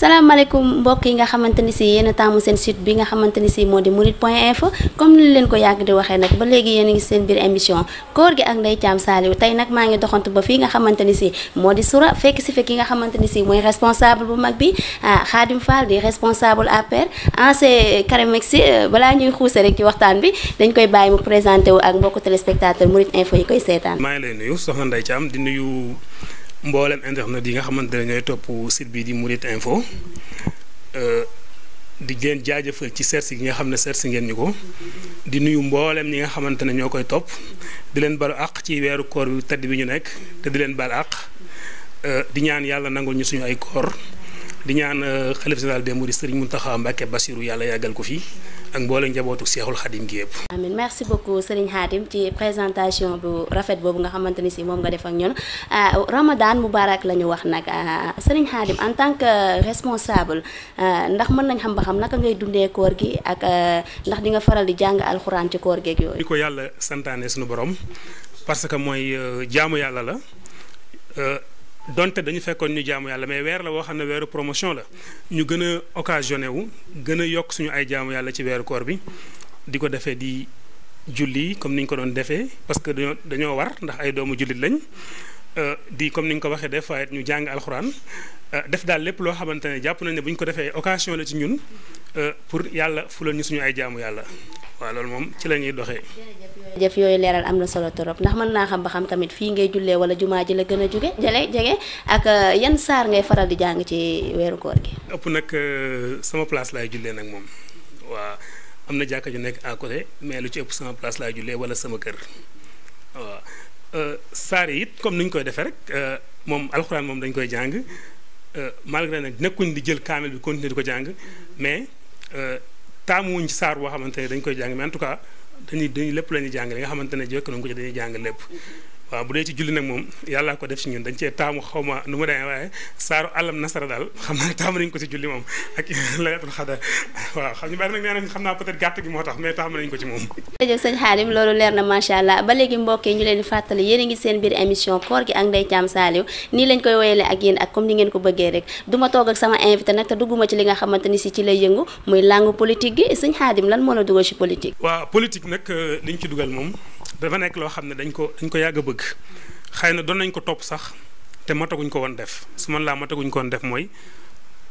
salaamaaleykum mbokk yi nga xamante ni si yéen a taamu seen sit bi nga xamante ni si moo di mourides point info comme ni leen ko yàgg di waxee nag ba léegi yéen ngi seen biir émission koor gi ak Ndeye Thiam Saliou tey nag maa ngi doxantu ba fii nga xamante ni si moo di sura fekk nga xamante ni si mooy responsable bu mag bi ah Khadim Fall di responsable APR ancien Karamex si euh, balaa ñuy xuuse rek ci waxtaan bi dañ koy bàyyi mu présenté wu ak mbokku téléspectateur mourides info yi koy seetaan. maa ngi lay nuyu soxna Ndeye Thiam mboolem internet yi nga xamante ne ñooy topp site bi di Mourides info euh, di leen jaajëfal ci seetsi gi nga xam ne seetsi ngeen ñu ko di nuyu mboolem ñi nga xamante ne ñoo koy topp di leen balu àq ci weeru koor yu tedd bi ñu nekk te di leen bal àq euh, di ñaan yàlla nangu ñu suñu ay koor di ñaan euh, xalif de des Mourides mu Mountakha Mbacké Bassirou yàlla yàggal ko fii ak mboole njabootu seexul xadim gi yëpp. amiin merci beaucoup Serigne Khadim ci présentation bu rafet boobu nga xamante ni si moom nga def ak ñun ah, Ramadan Moubarak la ñu wax nag ah, Serigne Khadim en tant que responsable ah, ndax mën nañ xam ba xam naka ngay dundee koor gi ak ndax di nga faral di jàng alxuraan ci koor geeg yooyu. di ko yàlla santaane suñu borom parce que mooy euh, jaamu yàlla la. Euh, donte dañu fekkoon ñu jaamu yàlla mais weer la woo xam ne weeru promotion la ñu gën a occasionné wu gën a yokk suñu ay jaamu yàlla ci weeru koor bi di ko defee di julli comme ni ñu ko doon defee parce que dañoo dañoo war ndax ay doomu jullit lañ euh, di comme ni ñu ko waxee des fois ñu jàng alxuraan euh, def daal lépp loo xamante ne jàpp nañ ne bu ñu ko defee occasion la ci ñun euh, pour yàlla fulal ñu suñu ay jaamu yàlla. waaw loolu moom ci la ñuy doxee. yooyu leeral am na solo torop ndax mën naa xam ba xam tamit fii ngay jullee wala jumaa ji la gën a jóge jële jege ak euh, yan saar ngay faral di jàng ci weeru koor gi. ëpp nag euh, sama place laay jullee nag moom waaw am na jàkka ju nekk à mais lu ci ëpp sama place laay jullee wala sama kër waaw euh, saar yi it comme ni ñu koy defe rek moom alxuraan moom dañ koy jàng malgré nag nekkuñ di jël kaamil bi continuer di ko jàng mais. taamu wuñ ci saar boo xamante ne dañ koy jàng mais en dañuy dañuy lépp la ñuy jàng li nga xamante ne jekk nañ ko ci dañuy jàng lépp waaw bu dee ci julli nag moom yàllaa ko def si ñun dañ cee taamu xaw ma nu mu demee waaye saaru alam nasara daal xam naa taamu nañ ko si julli moom ak layatul xada waaw xam ñu nag nee moo tax mais taamu nañ ko ci moom jërëjëf sëñ Xaadim loolu leer na macha allah ba léegi mbokk yi ñu leen di fàttali a lañ koy woyalee ak yéen ak comme ni ngeen ko bëggee rek du ma toog ak sama invité nag te dugguma ci li nga xamante ni si ci lay yëngu muy langue politique gi sëñ Xaadim lan moo la dugal si politique waaw politique nag euh, liñ ci dugal moom dafa nekk loo xam ne dañ ko dañ ko yàgg bëgg xëy na doon nañ ko topp sax te mataguñ ko woon def su man laa mataguñ ko woon def mooy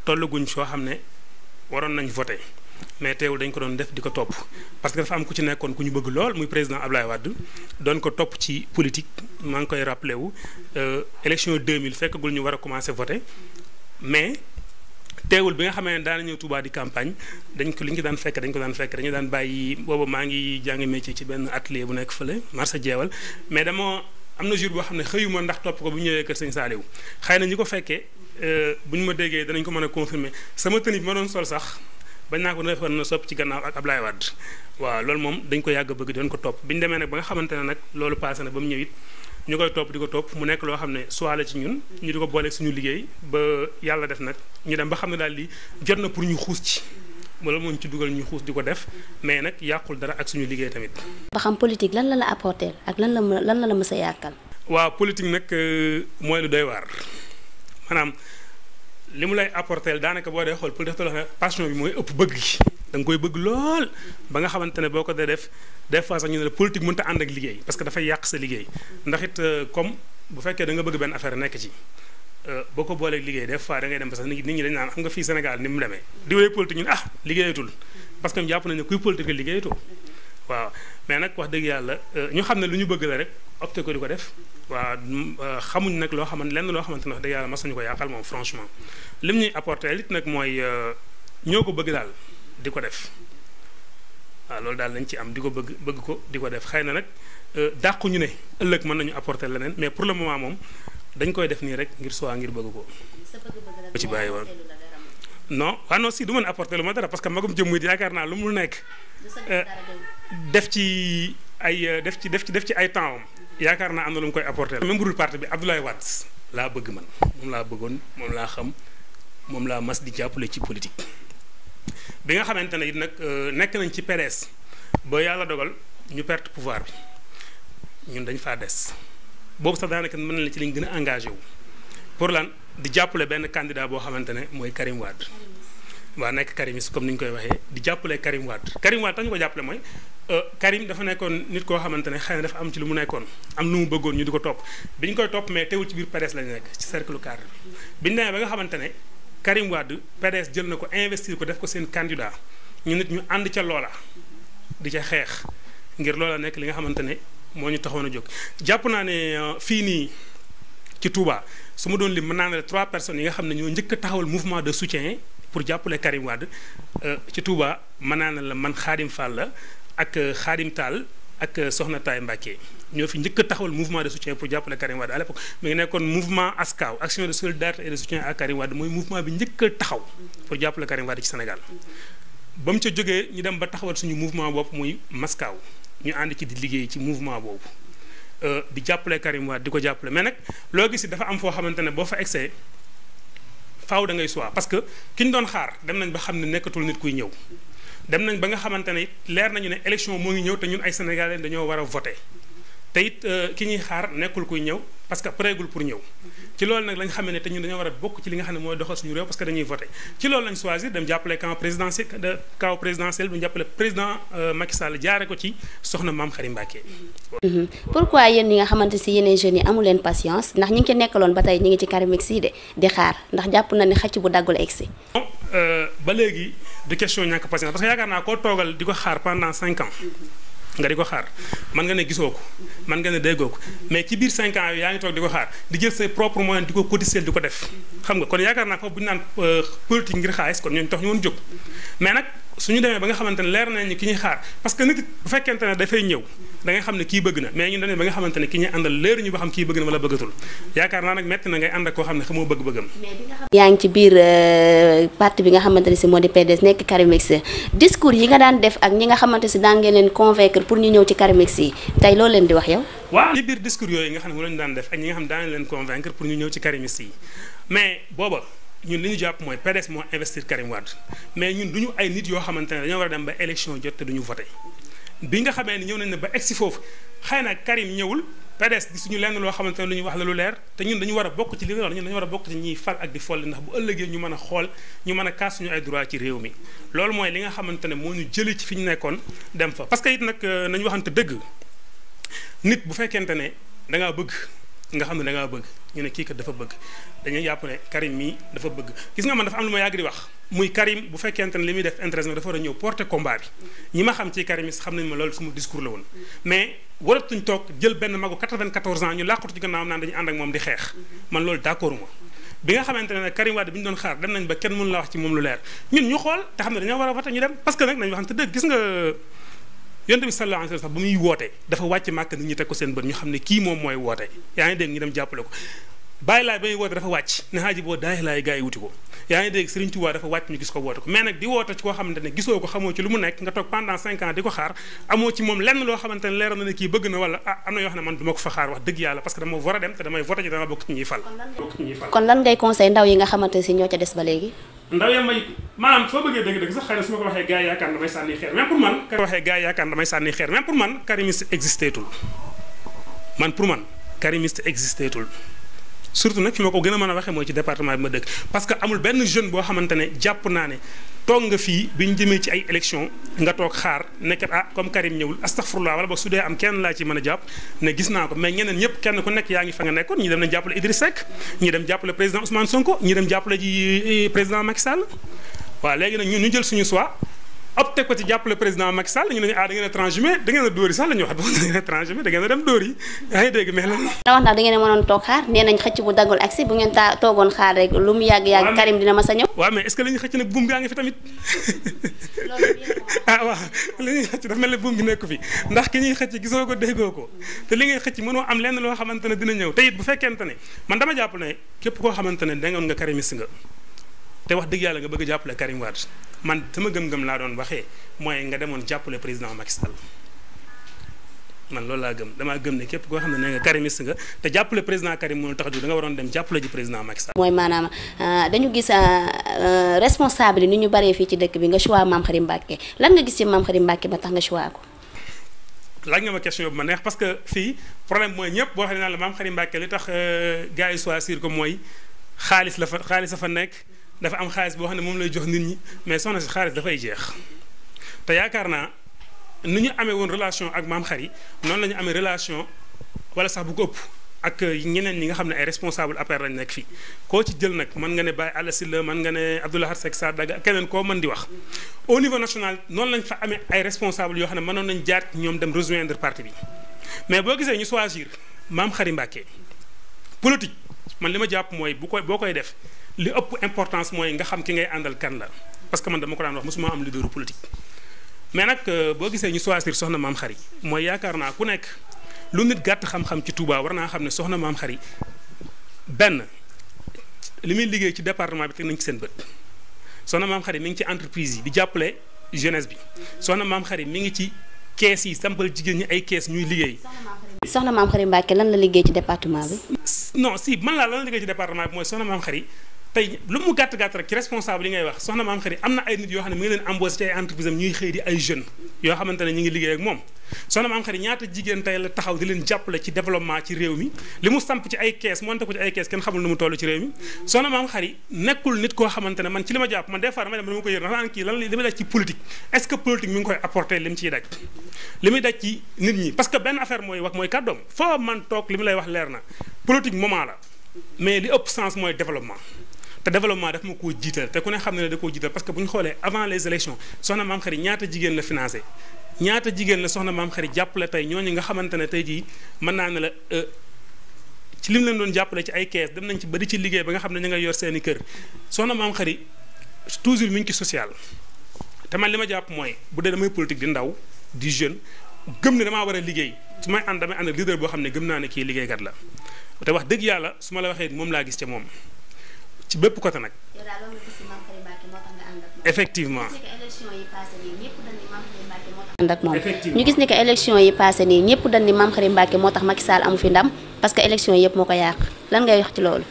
tollaguñ soo xam ne waroon nañ voté mais teewul dañ ko doon def di ko topp parce que dafa am ku ci nekkoon ku ñu bëgg lool muy président Ablaye Wade doon ko topp ci politique maa ngi koy rappelé wu euh, élection 2000 fekkagul ñu war a commencé voté mais teewul bi nga xamee ne daana ñëw Touba di campagne dañ ko li ñu ko daan fekk dañ ko daan fekk dañu daan bàyyi booba maa ngi jàng métier ci benn atelier bu nekk fële marché jeewal mais dama am na jour boo xam ne xëyuma ndax topp ko bu ñëwee kër sëñ Saaliw xëy na ñu ko fekkee euh, bu ñu ma déggee danañ ko mën a confirmer sama tenue bi ma doon sol sax bañ naa ko defoon na sopp ci gannaaw ak Ablaye Wade waaw loolu moom dañ ko yàgg bëgg doon ko topp bi ñu demee nag ba nga xamante ne nag loolu passé na ba mu ñëw ñu koy topp di ko topp mu nekk loo xam ne soit la ci ñun ñu di ko booleeg suñu liggéey ba yàlla def nag ñu dem ba xam ne daal li jot na pour ñu xuus ci wala moom ci dugal ñu xuus di ko def mais nag yàqul dara ak suñu liggéey tamit. ba xam politique lan la la apporter ak lan la lan la la mës a yàqal. waaw politique nag euh, mooy lu doy waar maanaam li mu lay apporter daanaka boo dee xool pour def te loo xam passion bi mooy ëpp bëgg gi danga koy bëgg lool ba nga xamante ne boo ko dee def. des fois sax ñu ne la politique mënut a ànd ak liggéey parce que dafay yàq sa liggéey ndax it euh, comme bu fekkee da nga bëgg benn affaire nekk ci euh, boo ko booleeg liggéey des fois da ngay dem ba sax nit ñi dañ naan ah, xam nga fii Sénégal ni mu demee diwee politique ñu ne ah liggéeyatul parce que jàpp nañ kuy politique liggéeyatoo waaw mais nag wax dëgg yàlla euh, ñu xam ne lu ñu bëgg la rek opté ko di ko def waaw xamuñ nag loo xamante lenn loo xamante ne wax dëgg yàlla mas nañu ko yàqal moom franchement lim ñuy apporté it nag mooy ñoo ko bëgg daal di ko def waaw loolu daal lañ ci am di ko bëgg bëgg ko di ko def xay na nag euh, dàqu ñu ne ëllëg mën nañu apporter leneen mais pour le moment moom dañ koy def nii rek ngir soi ngir bëgg ko. ci bàyyi woon non waaw non si du mën apporter lu ma dara parce que magum jëmm it yaakaar naa lu mu nekk. Euh, def ci ay euh, def ci def ci def ci ay temps yaakaar naa am na lu mu koy apporter même bu parti bi Abdoulaye Wade laa bëgg man moom laa bëggoon moom laa xam moom laa mas di jàppale ci politique. bi nga xamante ne it nag euh, nekk nañ ci PDS ba yàlla dogal ñu perte pouvoir bi ñun dañ faa des boobu sax daanaka mën na la ci liñ gën a engagé wu pour lan di jàppale benn candidat boo xamante ne mooy Karim Wade waa nekk karimiste comme ni ñu koy waxee di jàppale Karim Wade Karim Wade tax ñu ko jàppale mooy euh, Karim dafa nekkoon nit koo xamante ne xëy dafa am ci lu mu nekkoon am lu mu bëggoon ñu di ko topp bi ñu koy topp mais teewul ci biir PDS lañ nekk ci cercle cadre Karim Wade PDS jël na ko investir ko def ko seen candidat ñu nit ñu ànd ca loola di ca xeex ngir loola nekk li nga xamante ne moo ñu taxoon a jóg jàpp naa ne euh, fii nii ci Touba su ma doon lim mën naa ne trois personnes yi nga xam ne ñoo njëkk taxawul taxawal mouvement de soutien pour jàppale Karim Wade euh, ci Touba mën naa ne la man Xaadim Fall la ak Xaadim euh, Tall ak euh, Soxna Taay Mbàkke ñoo fi njëkk a taxawal mouvement de soutien pour jàppale Karim Wade à l'époque mi ngi nekkoon mouvement ASCAW action de solidarité et de soutien à Karim Wade mooy mouvement bi njëkk a taxaw pour jàppale Karim Wade ci Sénégal ba mu ca jógee ñu dem ba taxawal suñu mouvement bopp muy maskaw ñu ànd ci di liggéey ci mouvement boobu euh, di jàppale Karim Wade di ko jàppale mais nag loo gis dafa am foo xamante ne boo fa egsee faaw da ngay soit parce que ki doon xaar dem nañ ba xam ne nekkatul nit kuy ñëw dem nañ ba nga xamante ne leer nañu ne élection moo ngi ñëw te ñun ay sénégalais dañoo war a voté te it euh, ki ñuy xaar nekkul kuy ñëw parce que pareegul pour ñëw ci loolu nag lañ xamee ne te war a bokk ci li nga xam ne mooy doxal suñu réew parce que dañuy voté ci loolu lañ choisir dem jàppale camp présidentiel camp présidentiel bi jàppale président euh, Macky Sall jaare ko ci soxna maam Xarim Mbacke. Mhm. pourquoi yéen ñi nga xamante si yeneen jeunes yi amu leen patience ndax ñi ngi ci nekkaloon ba tey ñi ngi ci karimeg si de di xaar ndax jàpp na ne xëcc bu daggul si Euh, ba léegi du question ñàkk patience parce que yaakaar naa koo toogal di ko xaar pendant cinq ans nga di ko xaar man nga ne gisoo ko man nga ne déggoo ko mais ci biir 5 ans yaa ngi toog di ko xaar di jël say propre moyen di ko cotiser di ko def xam nga kon yaakaar naa foofu bu ñu naan euh, politique ngir xaalis kon ñooñu tax ñu woon jóg mais nag suñu demee ba nga xamante ne leer nañ ni ki ñuy xaar parce que nit bu fekkente dafay ñëw da xam ne kii bëgg na mais ñun dañu ba nga xamante ne ki ñuy àndal leer ñu ba xam kii bëgg na wala bëggatul na ngay ne xamoo bëgg-bëggam yaa ngi ci biir euh, parti bi nga xamante ne si moo di PDS nekk Karimex discours yi nga daan def ak ñi nga xamante si daan ngeen leen convaincre pour ñu ñëw ci Karimex yi tey loolu leen di wax yow waaw ci biir discours yooyu nga xam ne mu ne ñu ñëw ci booba ñun li ñu jàpp mooy PDS moo investir Karim Wade mais ñun du ñu ay nit yoo xamante ne dañoo war a dem ba élection jot te du ñu bi nga xamee ni ñëw nañ ne ba egsi foofu xëy na Karim ñëwul PDS di suñu lenn loo xamante ne lu ñu wax la lu leer te ñun dañu war a bokk ci li nga ñun dañu war a bokk ci ñiy fal ak di folli ndax bu ëllëgee ñu mën a xool ñu mën a kaas suñu ay droit ci réew mi loolu mooy li nga xamante ne moo ñu jëlee ci fi ñu nekkoon dem fa parce que it nag euh, nañu waxante dëgg nit bu fekkente ne da ngaa bëgg nga xam ne da ngaa bëgg ñu ne kii kat dafa bëgg dañuy jàpp ne Karim mii dafa bëgg gis nga man dafa am lu ma yàgg di wax muy Karim bu fekkente ne li muy def intéresse dafa war a ñëw porter combat bi ñi ma xam ci Karim xam nañ ma loolu dañu ànd ak moom di xeex man loolu d'accord bi nga xamante ne nag Karim Wade bi ñu doon xaar dem nañ ba kenn mënu la wax ci moom lu leer ñun ñu xool te xam ne dañoo war a voter ñu dem parce que nag nañu waxante dëgg gis nga yonent bi sallallahu alayhi wa moom lenn loo xamante ne leer na ne kii bëgg na wala ah am na yoo xam ne man du ko fa xaar wax dëgg yàlla parce que dama war dem te damay vote ji dama bokk ci ñuy fal kon lan ngay conseil ndaw yi nga xamante si ñoo ca des ba léegi ndaw ya may maanaam soo bëggee dëgg-dëgg sax xëy su ma ko waxee gars yi yaakaar damay sànni xeer mais pour man Karim waxee gars yi yaakaar damay sànni xeer mais pour man karimiste existé tul man pour man karimiste existé tul surtout nag fi ma ko gën a mën a waxe mooy ci département bi ma dëkk parce que amul benn jeune boo xamante ne jàpp naa ne toog nga fii bi ñu jëmee ci ay élection nga toog xaar nekk ah comme Karim ñëwul astaghfirullah wala ba su dee am kenn laa ci mën a jàpp ne gis naa ko mais ñeneen ñëpp kenn ku nekk yaa ngi fa nga nekkoon ñi dem nañ jàppale Idriss Seck ñi dem jàppale président Ousmane Sonko ñi dem jàppale eh, président Macky Sall waaw léegi nag ñun ñu jël suñu choix opté ko ci jàppale président Macky Sall ñu ne ah ngeen a transhumé da ngeen a yi sax la wax ndax da ngeen a xaar nee xëcc bu daggul agsi bu ngeen taa xaar rek lu mu yàgg-yàgg Karim dina ma sa ñëw waaw mais est-ce xëcc nag buum gaa ngi fi tamit ah xëcc dafa mel ne buum gi nekk fi ndax ki ñuy xëcc gisoo ko déggoo ko te li ngay xëcc mënoo am lenn loo xamante ne dina ñëw te it bu fekkente ne man dama jàpp ne képp koo xamante ne da nga karimiste nga te wax dëgg yàlla nga bëgg a jàppale Karim Wade man sama gëm-gëm laa doon waxee mooy nga demoon jàppale président Macky Sall man loolu laa gëm damaa gëm ne képp koo xam ne nee nga nga te jàppale président Karim moo tax du nga waroon dem jàppale ji président Macky Sall. mooy ah, dañu gis ah, ah, responsable yi ni ñu baree fii ci dëkk bi nga choix Mame Karim Mbacké lan nga gis ci Mame Karim Mbacké ba tax nga choix ko. laaj nga ma question bu ma neex parce que fii problème mooy ñëpp boo xam ne naan la Mame Karim Mbacké li tax euh, gars yi choisir ko mooy xaalis la fa xaalis la fa nekk. dafa am xaalis boo xam ne moom lay jox nit ñi mais soxna si xaalis dafay jeex te yaakaar naa ni ñu amee woon relation ak maam xari noonu la ñu amee relation wala sax bu ko ëpp ak ñeneen ñi nga xam ne ay responsable APR lañ nekk fii koo ci jël nag mën nga ne Baye Alla Sylla mën nga ne Abdou Lahad Seck Sarr Daga keneen koo mën di wax au niveau national noonu lañ fa amee ay responsable yoo xam ne mënoon nañ jaar ñoom dem rejoindre parti bi mais boo gisee ñu choisir maam xari Mbàkke politique man li ma jàpp mooy bu koy boo koy def li ëpp importance mooy nga xam ki ngay àndal kan la parce que man dama ko daan wax mosuma am leaderu politique mais nag euh, boo gisee ñu choisir soxna maam xari mooy yaakaar naa ku nekk lu nit gàtt xam-xam ci Touba war naa xam ne soxna maam xari benn li muy liggéey ci département bi teg nañ ci seen bët soxna maam xari mi ngi ci entreprise yi di jàppale jeunesse bi soxna maam xari mi ngi ci kees yi sampal jigéen ñi ay kees ñuy liggéey. soxna maam xari Mbacke lan la liggéey ci département bi. non si man laa la liggéey ci mooy soxna maam tey lu mu gàtt gàtt rek ci responsable yi ngay wax soxna maam xëri am na ay nit yoo xam ne mi ngi leen embauché ci ay entreprise am ñuy xëy di ay jeunes yoo xamante ñu ngi liggéey ak moom soxna maam xëri ñaata jigéen tey la taxaw di leen ci développement ci réew mi mu samp ci ay kees monte ko ci ay mu toll ci réew mi soxna nekkul nit koo xamante ne man ci li ma jàpp man des fois damay dem dama ko yër li que politique mi ngi koy apporté li ci nit ñi parce que benn affaire mooy wax mooy kàddoom foo man toog li mu lay wax leer na politique moment la mais li ëpp sens mooy développement te développement daf mako jital te ku ne xam da ko jital parce que buñ xolé avant les élections soxna mam xari ñaata jigen la financer ñaata jigen la soxna mam xari jàppale tay ñooñu nga xamantene tay ji man na na ne la ci lim leen doon jàppale ci ay caisse dem nañ ci ba ci liggéey ba nga xamné ne nga yor seeni kër soxna mam xari toujours miñ ci social te man lima jàpp moy bu dé damay politique di ndaw di jeune gëm ne dama wara liggéey su may ànd damay ànd leader bo xamné ne gëm na ne liggéey kat la te wax dëgg yàlla suma la waxé mom la gis ci mom ci bépp côté nag. effectivement. ànd ak moom ñu gis ni que élection yi passé nii ñëpp dañ ni Mame Khary Mbacké moo tax Macky Sall amu fi ndam parce que élection yëpp moo ko yàq lan ngay wax ci loolu.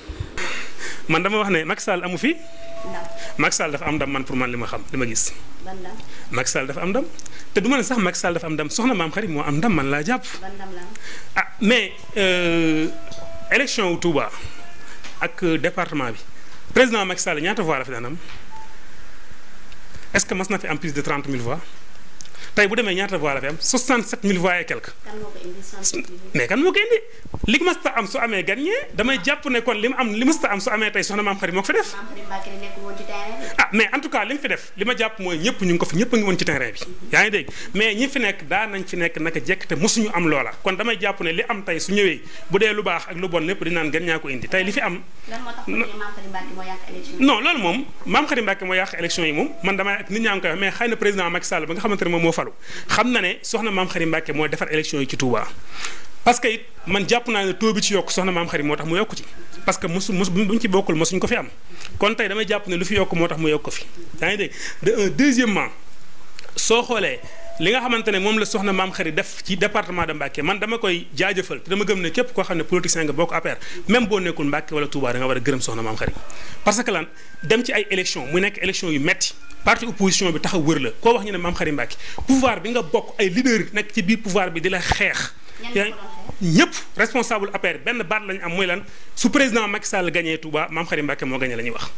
man dama wax ne Macky Sall amu fi. ndam Macky Sall dafa am ndam man pour man li ma xam li ma gis. ban ndam Macky dafa am ndam te du ma sax Macky Sall dafa am ndam soxna Mame Khary moo am ndam man laa jàpp. ah mais euh, élection wu Touba ak euh, département bi. président Macky Sall ñaata voix la fi daan am est que mas na fi am plus de trente mille voix. tey bu demee ñaata voix la fi am 67000 voix et quelque. kan moo ko mais kan moo ko indi li mës am su amee gagné damay jàpp ne kon li mu am li mës a am def. ah mais li fi def li ma jàpp mooy ñëpp ñu ngi ko fi ñëpp a ngi woon ci terrain bi. yaa ngi dégg mais ñi fi nekk daa nañ fi nekk naka jekk te mosuñu am loola kon damay jàpp ne li am tey su ñëwee bu dee lu baax ak lu bon lépp di naan gën ñaa ko indi tey li fi am. lan moo tax ñu ne maam loolu moom maam xarit Mbacke moo yàq élection yi moom man damay nit ñaa ngi koy falu xam na ne soxna maam xari Mbàkke mooy defar élection yi ci Touba parce que it man jàpp naa ne taux ci yokk soxna maam xari moo tax mu yokk ci parce mosu mos buñ ci bokkul mu yokk fi yaa ngi deuxièmement soo xoolee li nga xamante ne moom la soxna maam xari def ci département de Mbacke man dama koy jaajëfal te dama gëm ne képp koo xam ne politicien nga bokk APR même boo nekkul Mbacke wala Touba da war a gërëm soxna maam xari parce que lan dem parti opposition bi taxaw wër la ko wax ñu ne mam Xarim Mbacke pouvoir bi nga bok ay leader nek ci biir pouvoir bi di la xeex. ñëpp responsable APR ben baat lañ am moy lan su président Macky Sall gagné Touba mam Xarim Mbacke mo gagné la wax.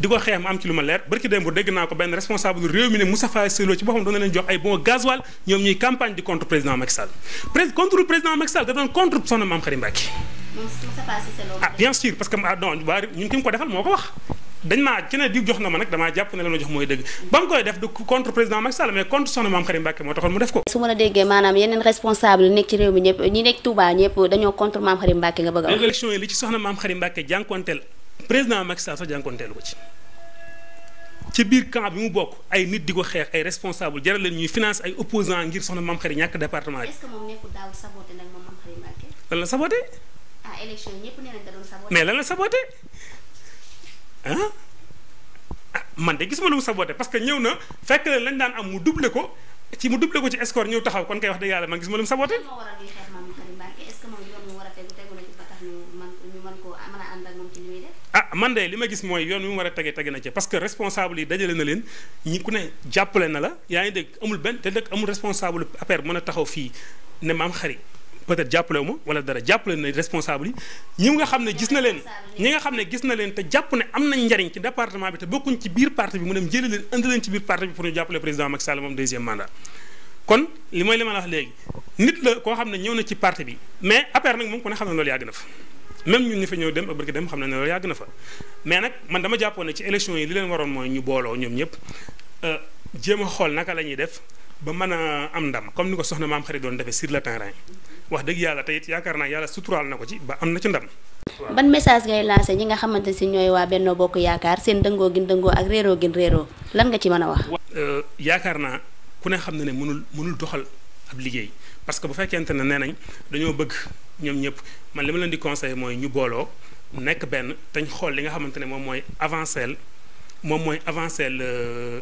diko xex am ci luma leer barki démb bu na ko ben responsable réew mi ne Moustapha Cissé ci boppam do na leen jox ay bon gasoil ñom ñuy campagne di contre président Macky Sall prés contre président Macky Sall da doon contre son mam Xarim Mbacke. ah bien sûr parce que ah non ñu ngi ko defal moko wax. dañ naa ci diw jox na ma nag damaa jàpp ne la ma mooy dëgg ba mu koy def du contre président Macky Sall mais contre soxna maam Karim Mbacke moo ma la déggee maanaam yeneen responsable biir camp bi mu bokk ay nit di ko xeex ay responsable jaral leen ñuy finance ay opposants ngir soxna maam Karim ñàkk département bi. est-ce que moom nekkul daaw lan la ah, saboté. mais lan la saboté ah man de gisuma lu mu parce que ñëw na fekk lañ daan am mu doublé ko ci mu doublé ko ci escort ñëw taxaw kon kay wax dëgg yàlla man gisuma lu mu saboté. Ah, man de li ma gis mooy yoon wi mu war a tege tege na ci parce que responsable yi dajale na leen ñi ku ne jàppale na la yaa ngi dégg amul benn te nag amul responsable affaire mën a taxaw fii ne maam xarit peut-être jàppale wu ma wala dara jàppale na responsable yi ñi nga xam ne gis na leen ñi nga xam ne gis na leen te jàpp ne am nañ njariñ ci département bi te bokkuñ ci biir parti bi mu dem jëli leen indi leen ci biir parti bi pour ñu jàppale président Macky Sall deuxième mandat kon li mooy li wax léegi nit la koo xam ne ñëw na ci parti bi mais APR nag moom ku ne xam ne loolu yàgg na fa même ñun ñu fa ñëw dem ak barki dem xam ne loolu yàgg na fa mais nag man dama jàppoon ci élection yi li leen waroon mooy ñu booloo ñoom ñëpp euh, a xool naka la ñuy def ba mën a am ndam comme ni ko soxna maam xarit doon defee sur le terrain wax dëgg yàlla teyit yaakaar naa yàlla suturaal na ko ci ba am na ci ndam. ban message ngay lancé ñi nga xamante si ñooy waa Benno Bokk Yaakaar seen dëngoo gin dëngoo ak réeroo gin réeroo lan nga ci mën a wax. Euh, yaakaar naa ku ne xam na ne mënul mënul doxal ab liggéey parce que bu fekkente ne nee nañ dañoo bëgg ñoom ñëpp man li ma leen di conseillé mooy ñu booloo nekk benn te xool li nga xamante ne moom mooy avancé moom mooy avancé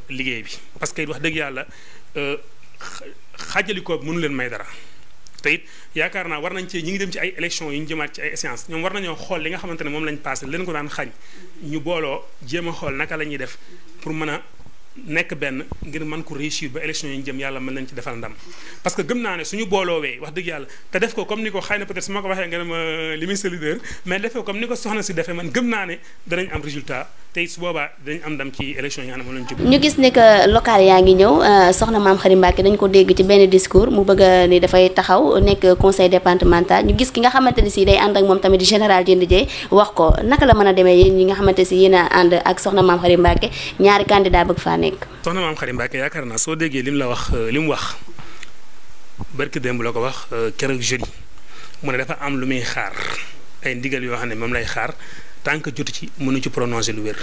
liggéey bi parce que wax dëgg yàlla euh, xaajalikoo bi mënu leen may dara. te it yaakaar naa war nañ ci ñi ngi dem ci ay élection yu ñu jëmaat ci ay séance ñoom war nañoo xool li nga xamante ne moom lañ passé leen ko daan xañ ñu booloo jéem a xool naka la ñuy def pour mën a nekk benn ngir mën ko réussir ba élection yi ñu yàlla mën nañ ci defal ndam parce que gëm naa ne suñu booloowee wax dëgg yàlla te def ko comme ni ko xëy na peut-être su ma ko waxee nga ne ma euh, li muy sa def ko comme ni ko soxna si defee man gëm naa ne danañ am résultat te su boobaa danañ am ndam ci élection yaa ngi ñëw euh, soxna maam Xari Mbacke dañ ko dégg ci benn discours mu bëgg ni dafay taxaw nekk conseil départemental ñu gis ki nga xamante ne a demee a nekk. soxna maam Xarim Mbacke yaakaar naa soo déggee lim la wax euh, li mu wax barki démb la ko wax euh, keroog jeudi mu ne dafa am lu muy xaar ay ndigal yoo xam ne moom lay xaar tant que jotu ci mënu ci prononcer lu wér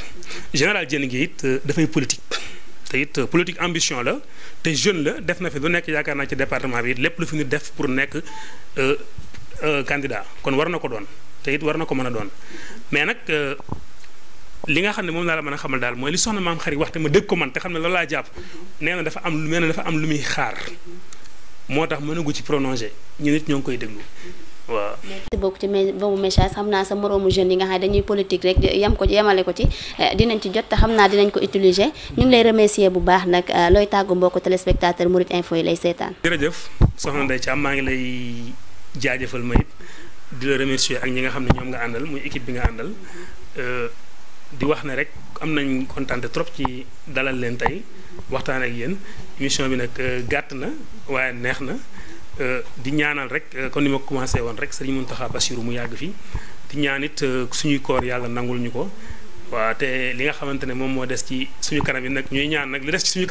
général Diène gi it euh, dafay politique. te it politique ambition la te jeune la def na fi lu nekk yaakaar naa ci département bi lépp lu fi ñu def pour nekk candidat kon war na ko doon te it war na ko mën a doon mais nag. li nga xam ne moom laa la mën a xamal daal mooy li soxna maam xarit wax te ma dégg ko man te xam ne loolu laa jàpp nee dafa am lu mel ne dafa am lu muy xaar moo tax gu ci prolongé ñu nit ñoo ngi koy déglu waaw. merci beaucoup ci boobu message xam naa sa moroomu jeunes yi nga xam ne dañuy politique rek yam ko yemale ko ci eh, dinañ ci jot xam naa dinañ ko utiliser ñu ngi lay remercier bu baax nag eh, looy tàggu mbokku téléspectateur Mouride info yi lay seetaan. jërëjëf soxna Ndeye Thiam maa ngi lay jaajëfal ma it di la remercier ak ñi nga xam ne ñoom nga àndal muy équipe bi nga àndal euh, di wax ne rek am nañ kontaan trop ci dalal leen tey waxtaan ak yéen émission bi nag euh, gàtt na waaye neex na euh, di ñaanal rek kon euh, ni ma commencé woon rek sëriñ Mountakha Bassirou mu yàgg fi di ñaan it suñuy koor yàlla nangul ñu ko waaw te li nga xamante ne moom moo des ci suñu kanam yi nag ñuy ñaan nag li yi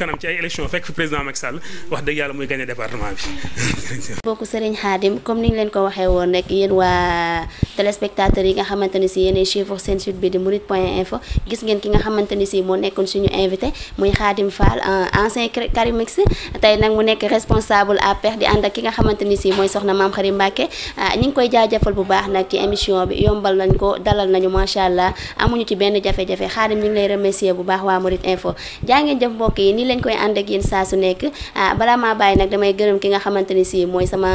nga ni si yéenay suivre seen site bi di mourides point info gis ngeen ki ni si moo nekkoon suñu invité muy Khadim Fall ancien Karimix tey nag mu nekk responsable APR e di ànd ak ki nga xamante ni mooy soxna maam Xarim Mbacke ah, ñu ngi koy jaajëfal bu baax nag ci émission bi yombal nañ ko dalal nañu macha allah amuñu ci benn jafe-jafe Khadim ñu lay remercier bu baax waa Mouride info jaa ngeen jëf mbokk yi nii leen koy ànd ak yéen saa su nekk ah, balaa maa bàyyi nag damay gërëm ki nga xamante ni si mooy sama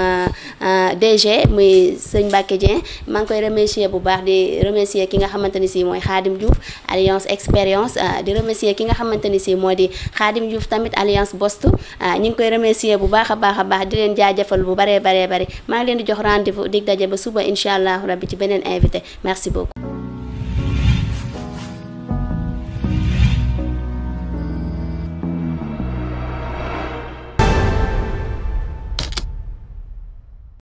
ah, DG muy sëñ Mbacke Dieng maa ngi koy remercier bu baax di remercier ki nga xamante ni si mooy Khadim Diouf alliance expérience ah, di remercier ki nga xamante ni si moo di Khadim Diouf tamit alliance bost ñu ngi koy remercier bu baax a baax a baax di leen jaajëfal bu baree baree bari maa ngi leen di jox rendez-vous dig daje ba suba incha allah rabbi ci beneen invité merci beaucoup